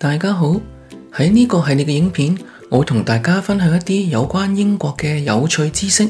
大家好，喺呢個系列嘅影片，我會同大家分享一啲有關英國嘅有趣知識。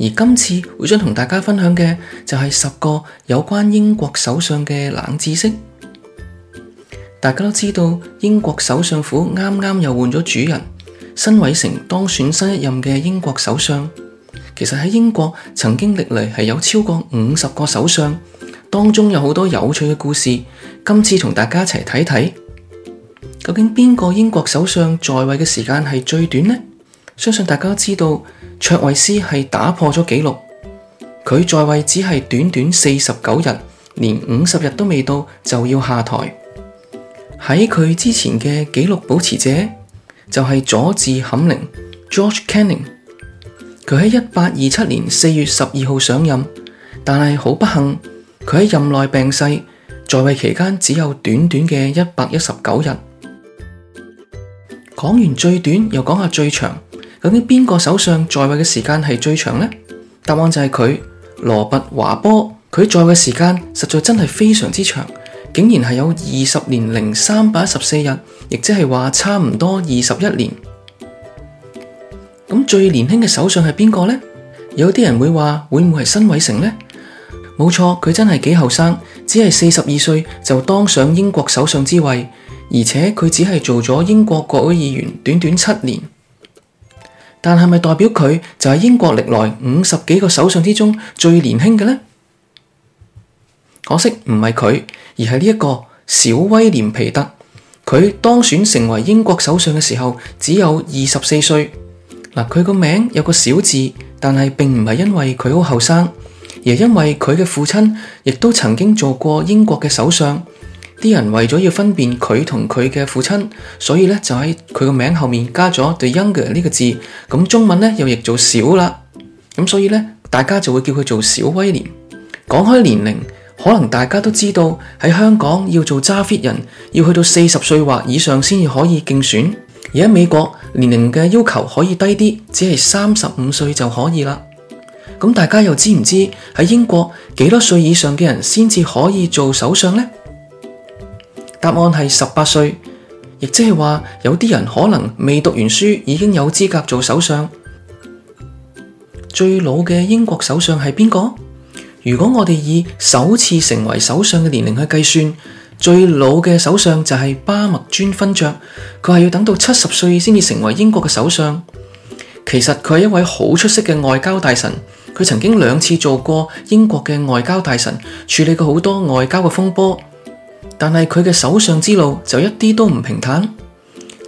而今次會想同大家分享嘅就係十個有關英國首相嘅冷知識。大家都知道，英國首相府啱啱又換咗主人，辛偉誠當選新一任嘅英國首相。其實喺英國曾經歷嚟係有超過五十個首相，當中有好多有趣嘅故事。今次同大家一齊睇睇。究竟邊個英國首相在位嘅時間係最短呢？相信大家知道，卓維斯係打破咗紀錄，佢在位只係短短四十九日，連五十日都未到就要下台。喺佢之前嘅紀錄保持者就係、是、佐治坎寧 （George Canning），佢喺一八二七年四月十二號上任，但係好不幸，佢喺任內病逝，在位期間只有短短嘅一百一十九日。講完最短，又講下最長，究竟邊個首相在位嘅時間係最長呢？答案就係佢羅拔華波，佢在位嘅時間實在真係非常之長，竟然係有二十年零三百一十四日，亦即係話差唔多二十一年。咁最年輕嘅首相係邊個呢？有啲人會話會唔會係辛偉誠呢？冇錯，佢真係幾後生，只係四十二歲就當上英國首相之位。而且佢只係做咗英國國會議員短短七年，但係咪代表佢就係英國歷來五十幾個首相之中最年輕嘅呢？可惜唔係佢，而係呢一個小威廉皮特。佢當選成為英國首相嘅時候只有二十四歲。嗱，佢個名有個小字，但係並唔係因為佢好後生，而係因為佢嘅父親亦都曾經做過英國嘅首相。啲人為咗要分辨佢同佢嘅父親，所以咧就喺佢個名後面加咗對 younger 呢個字，咁中文咧又譯做小啦，咁所以咧大家就會叫佢做小威廉。講開年齡，可能大家都知道喺香港要做揸 fit 人，要去到四十歲或以上先至可以競選，而喺美國年齡嘅要求可以低啲，只係三十五歲就可以啦。咁大家又知唔知喺英國幾多歲以上嘅人先至可以做首相咧？答案係十八歲，亦即係話有啲人可能未讀完書已經有資格做首相。最老嘅英國首相係邊個？如果我哋以首次成為首相嘅年齡去計算，最老嘅首相就係巴麥尊勳爵，佢係要等到七十歲先至成為英國嘅首相。其實佢係一位好出色嘅外交大臣，佢曾經兩次做過英國嘅外交大臣，處理過好多外交嘅風波。但係佢嘅首相之路就一啲都唔平坦。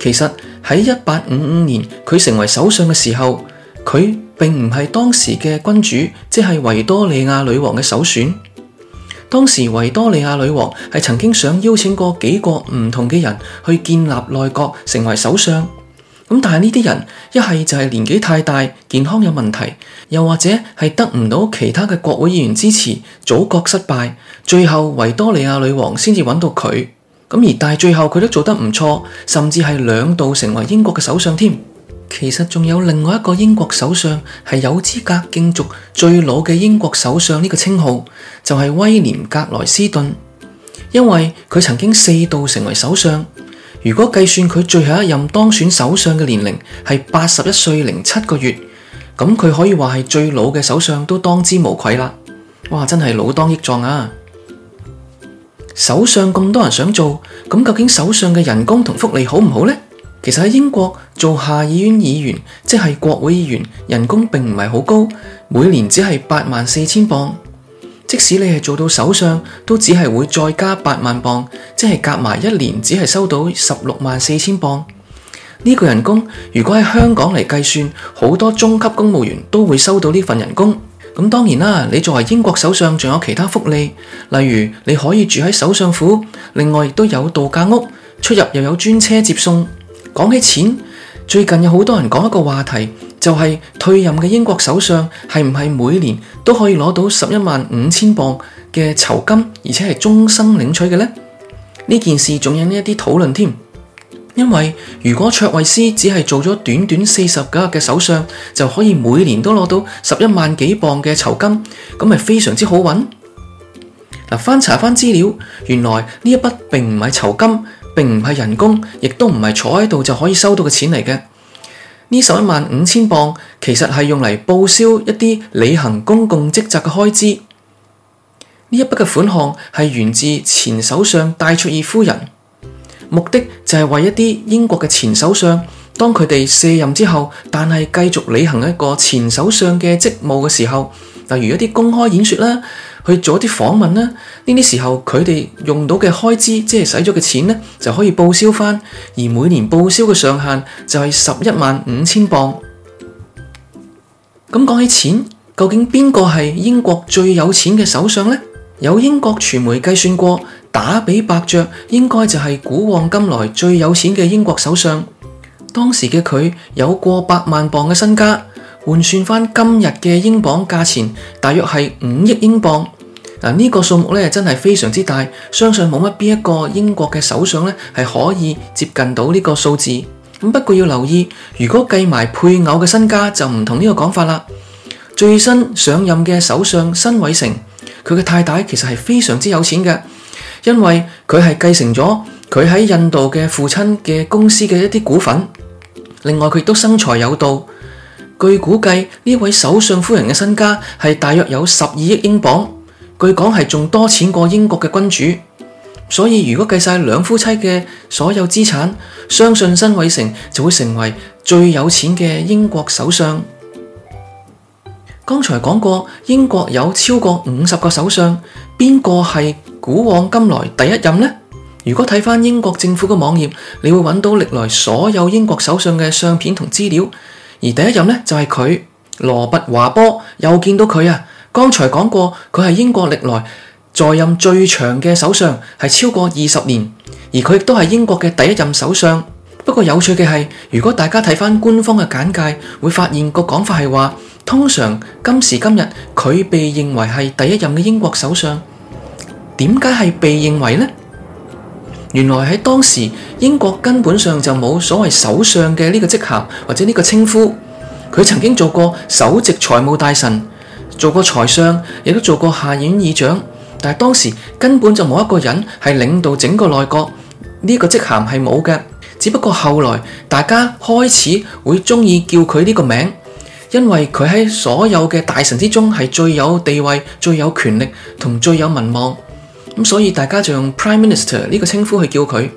其實喺一八五五年，佢成為首相嘅時候，佢並唔係當時嘅君主，即係維多利亞女王嘅首選。當時維多利亞女王係曾經想邀請過幾個唔同嘅人去建立內閣，成為首相。咁但係呢啲人一係就係年紀太大，健康有問題，又或者係得唔到其他嘅國會議員支持，組閣失敗，最後維多利亞女王先至揾到佢。咁而但最後佢都做得唔錯，甚至係兩度成為英國嘅首相添。其實仲有另外一個英國首相係有資格競逐最老嘅英國首相呢個稱號，就係威廉格萊斯頓，因為佢曾經四度成為首相。如果計算佢最後一任當選首相嘅年齡係八十一歲零七個月，咁佢可以話係最老嘅首相都當之無愧啦。哇，真係老當益壯啊！首相咁多人想做，咁究竟首相嘅人工同福利好唔好呢？其實喺英國做下議院議員，即係國會議員，人工並唔係好高，每年只係八萬四千鎊。即使你係做到首相，都只係會再加八萬鎊，即係夾埋一年只係收到十六萬四千鎊。呢個人工，如果喺香港嚟計算，好多中級公務員都會收到呢份人工。咁當然啦，你作為英國首相，仲有其他福利，例如你可以住喺首相府，另外亦都有度假屋，出入又有專車接送。講起錢，最近有好多人講一個話題。就係退任嘅英國首相係唔係每年都可以攞到十一萬五千鎊嘅酬金，而且係終身領取嘅呢？呢件事仲有呢一啲討論添，因為如果卓慧斯只係做咗短短四十九日嘅首相，就可以每年都攞到十一萬幾鎊嘅酬金，咁係非常之好揾。嗱，翻查翻資料，原來呢一筆並唔係酬金，並唔係人工，亦都唔係坐喺度就可以收到嘅錢嚟嘅。呢十一萬五千鎊其實係用嚟報銷一啲履行公共職責嘅開支，呢一筆嘅款項係源自前首相戴卓爾夫人，目的就係為一啲英國嘅前首相，當佢哋卸任之後，但係繼續履行一個前首相嘅職務嘅時候，例如一啲公開演說啦。去做啲訪問啦，呢啲時候佢哋用到嘅開支，即係使咗嘅錢呢，就可以報銷返。而每年報銷嘅上限就係十一萬五千鎊。咁講起錢，究竟邊個係英國最有錢嘅首相呢？有英國傳媒計算過，打比伯爵應該就係古往今來最有錢嘅英國首相。當時嘅佢有過百萬鎊嘅身家，換算返今日嘅英鎊價錢，大約係五億英鎊。嗱，個數呢個數目咧真係非常之大，相信冇乜邊一個英國嘅首相咧係可以接近到呢個數字。咁不過要留意，如果計埋配偶嘅身家就唔同呢個講法啦。最新上任嘅首相辛偉成，佢嘅太太其實係非常之有錢嘅，因為佢係繼承咗佢喺印度嘅父親嘅公司嘅一啲股份。另外佢亦都生財有道，據估計呢位首相夫人嘅身家係大約有十二億英鎊。據講係仲多錢過英國嘅君主，所以如果計晒兩夫妻嘅所有資產，相信辛偉誠就會成為最有錢嘅英國首相。剛才講過，英國有超過五十個首相，邊個係古往今來第一任呢？如果睇返英國政府嘅網頁，你會揾到歷來所有英國首相嘅相片同資料，而第一任呢就係、是、佢，羅拔華波，又見到佢啊！剛才講過，佢係英國歷來在任最長嘅首相，係超過二十年，而佢亦都係英國嘅第一任首相。不過有趣嘅係，如果大家睇返官方嘅簡介，會發現個講法係話，通常今時今日佢被認為係第一任嘅英國首相。點解係被認為呢？原來喺當時英國根本上就冇所謂首相嘅呢個職銜或者呢個稱呼。佢曾經做過首席財務大臣。做過財相，亦都做過下院議長，但係當時根本就冇一個人係領導整個內閣，呢、這個職銜係冇嘅。只不過後來大家開始會中意叫佢呢個名，因為佢喺所有嘅大臣之中係最有地位、最有權力同最有民望，咁所以大家就用 Prime Minister 呢個稱呼去叫佢。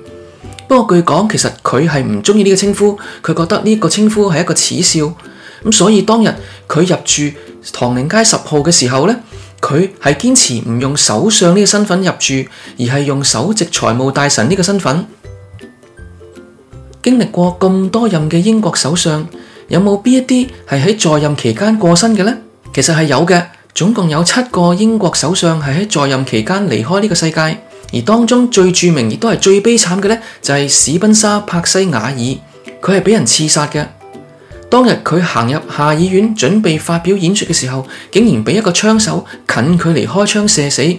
不過據講，其實佢係唔中意呢個稱呼，佢覺得呢個稱呼係一個恥笑。咁所以當日佢入住唐寧街十號嘅時候呢，佢係堅持唔用首相呢個身份入住，而係用首席財務大臣呢個身份。經歷過咁多任嘅英國首相，有冇邊一啲係喺在任期間過身嘅呢？其實係有嘅，總共有七個英國首相係喺在，在，在任期間離開呢個世界，而當中最著名亦都係最悲慘嘅呢，就係、是、史賓莎·帕西瓦爾，佢係俾人刺殺嘅。當日佢行入下議院準備發表演說嘅時候，竟然俾一個槍手近距離開槍射死。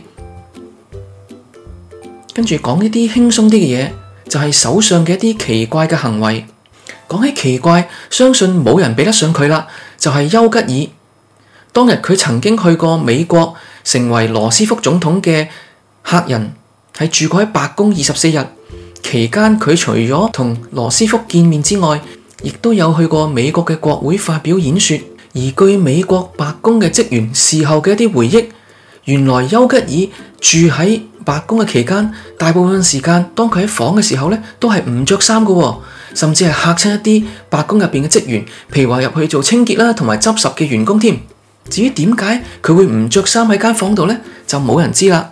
跟住講一啲輕鬆啲嘅嘢，就係首相嘅一啲奇怪嘅行為。講起奇怪，相信冇人比得上佢啦。就係丘吉爾。當日佢曾經去過美國，成為羅斯福總統嘅客人，係住過喺白宮二十四日。期間佢除咗同羅斯福見面之外，亦都有去過美國嘅國會發表演說，而據美國白宮嘅職員事後嘅一啲回憶，原來丘吉爾住喺白宮嘅期間，大部分時間當佢喺房嘅時候呢，都係唔着衫噶甚至係嚇親一啲白宮入面嘅職員，譬如話入去做清潔啦，同埋執拾嘅員工添。至於點解佢會唔着衫喺間房度呢，就冇人知啦。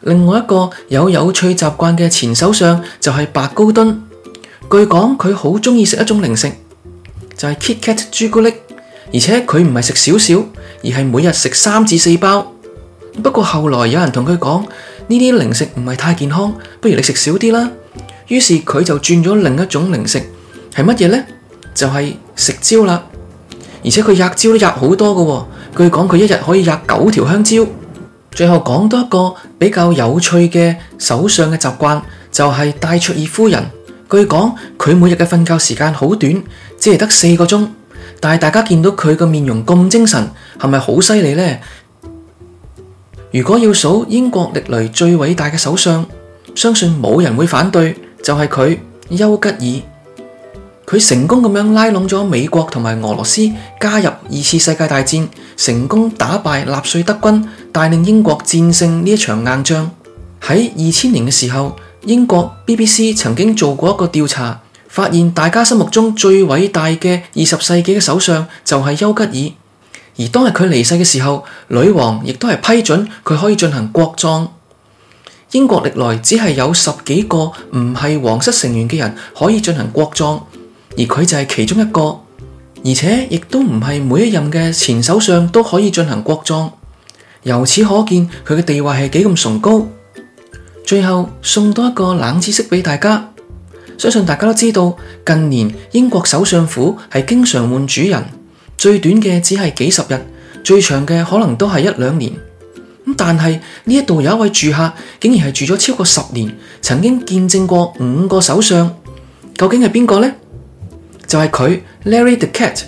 另外一個有有趣習慣嘅前首相就係白高敦。據講佢好中意食一種零食，就係 KitKat 朱古力，而且佢唔係食少少，而係每日食三至四包。不過後來有人同佢講，呢啲零食唔係太健康，不如你食少啲啦。於是佢就轉咗另一種零食，係乜嘢呢？就係食蕉啦，而且佢吔蕉都吔好多嘅。據講佢一日可以吔九條香蕉。最後講到一個比較有趣嘅首相嘅習慣，就係戴卓爾夫人。據講，佢每日嘅瞓覺時間好短，只係得四個鐘。但大家見到佢個面容咁精神，係咪好犀利呢？如果要數英國歷嚟最偉大嘅首相，相信冇人會反對，就係佢丘吉爾。佢成功咁樣拉攏咗美國同埋俄羅斯加入二次世界大戰，成功打敗納粹德軍，帶領英國戰勝呢一場硬仗。喺二千年嘅時候。英國 BBC 曾經做過一個調查，發現大家心目中最偉大嘅二十世紀嘅首相就係丘吉爾。而當日佢離世嘅時候，女王亦都係批准佢可以進行國葬。英國歷來只係有十幾個唔係皇室成員嘅人可以進行國葬，而佢就係其中一個，而且亦都唔係每一任嘅前首相都可以進行國葬。由此可見，佢嘅地位係幾咁崇高。最後送多一個冷知識俾大家，相信大家都知道近年英國首相府係經常換主人，最短嘅只係幾十日，最長嘅可能都係一兩年。但係呢一度有一位住客竟然係住咗超過十年，曾經見證過五個首相，究竟係邊個呢？就係、是、佢 Larry the Cat。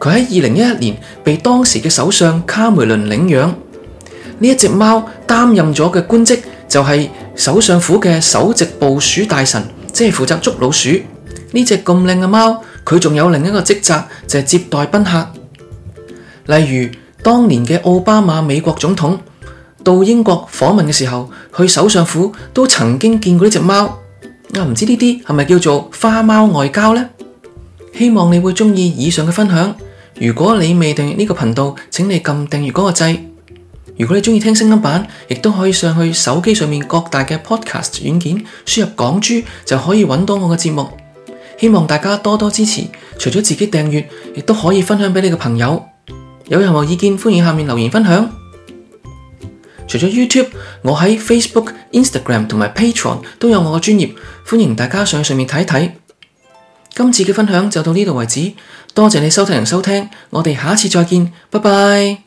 佢喺二零一一年被當時嘅首相卡梅倫領養。呢一隻貓，擔任咗嘅官職就係、是。首相府嘅首席捕鼠大臣，即係負責捉老鼠。呢隻咁靚嘅貓，佢仲有另一個職責就係、是、接待賓客。例如當年嘅奧巴馬美國總統到英國訪問嘅時候，去首相府都曾經見過呢隻貓。我、啊、唔知呢啲係咪叫做花貓外交呢？希望你會鍾意以上嘅分享。如果你未訂閱呢個頻道，請你撳訂閱嗰個掣。如果你中意聽聲音版，亦都可以上去手機上面各大嘅 Podcast 軟件，輸入港珠就可以揾到我嘅節目。希望大家多多支持，除咗自己訂閱，亦都可以分享俾你嘅朋友。有任何意見，歡迎下面留言分享。除咗 YouTube，我喺 Facebook、Instagram 同埋 Patreon 都有我嘅專頁，歡迎大家上去上面睇睇。今次嘅分享就到呢度為止，多謝你收聽同收聽，我哋下次再見，拜拜。